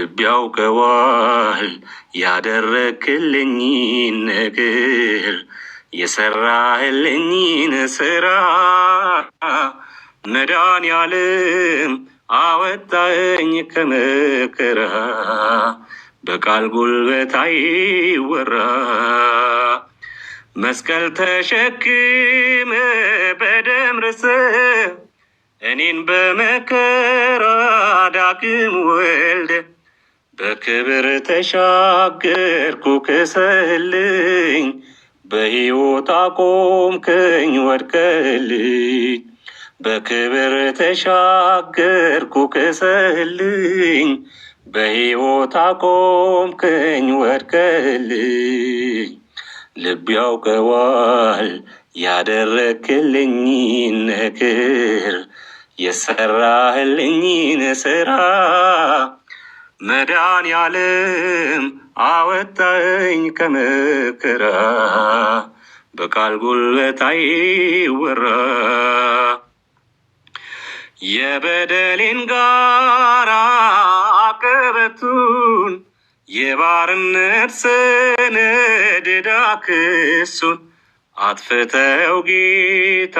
ልብ ያውቀዋል ያደረክልኝን ነገር የሰራህልኝን ስራ መድኃኒዓለም አወጣኝ ከመከራ በቃል ጉልበት አይወራ መስቀል ተሸክመ በደም ርስ እኔን በመከራ ዳግም ወልደ በክብር ተሻገርኩ ክሰህልኝ በሕይወት አቆምከኝ ወድቀልኝ በክብር ተሻገርኩ ክሰህልኝ በሕይወት አቆምከኝ ወድቀልኝ ልብ ያውቀዋል ያደረክልኝን ነገር የሰራህልኝን ስራ መዳን ያለም አወጣኝ ከመከራ በቃል ጉልበት አይወራ የበደሌን ጋራ አቀበቱን የባርነት ሰነድ ክሱን አጥፍተው ጌታ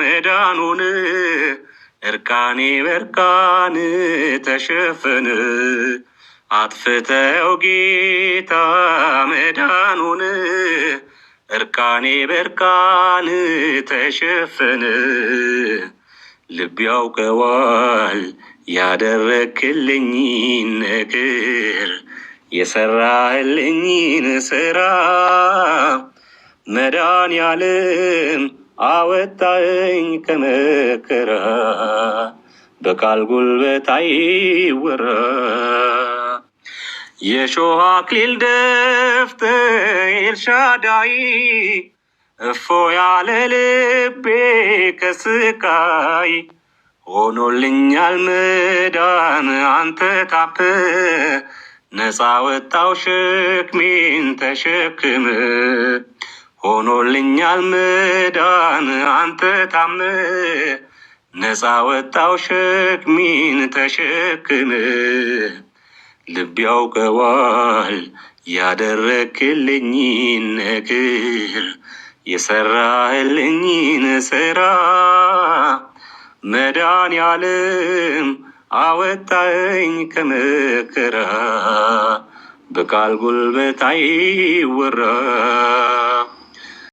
መዳኑን እርቃኔ በርቃን ተሸፈን አጥፍተው ጌታ መዳኑን እርቃኔ በርቃን ተሸፈን ልብ ያውቀዋል ያደረክልኝን ነገር የሰራህልኝን ስራ መዳን ያለም አወጣኝ ከመከራ በቃል ጉልበት አይወራ። የሾህ አክሊል ደፍተ ኤልሻዳይ እፎ ያለ ልቤ ከስቃይ ሆኖልኛል መዳን አንተ ታፕ ነፃ ወጣው ሸክሜን ተሸክም ሆኖልኛል መዳን አንተ ታም ነፃ ወጣው ሸክሚን ተሸክም ልብ ያውቀዋል ያደረክልኝን ነገር የሰራህልኝን ስራ መዳን ያለም አወጣኝ ከመከራ በቃል ጉልበት አይወራ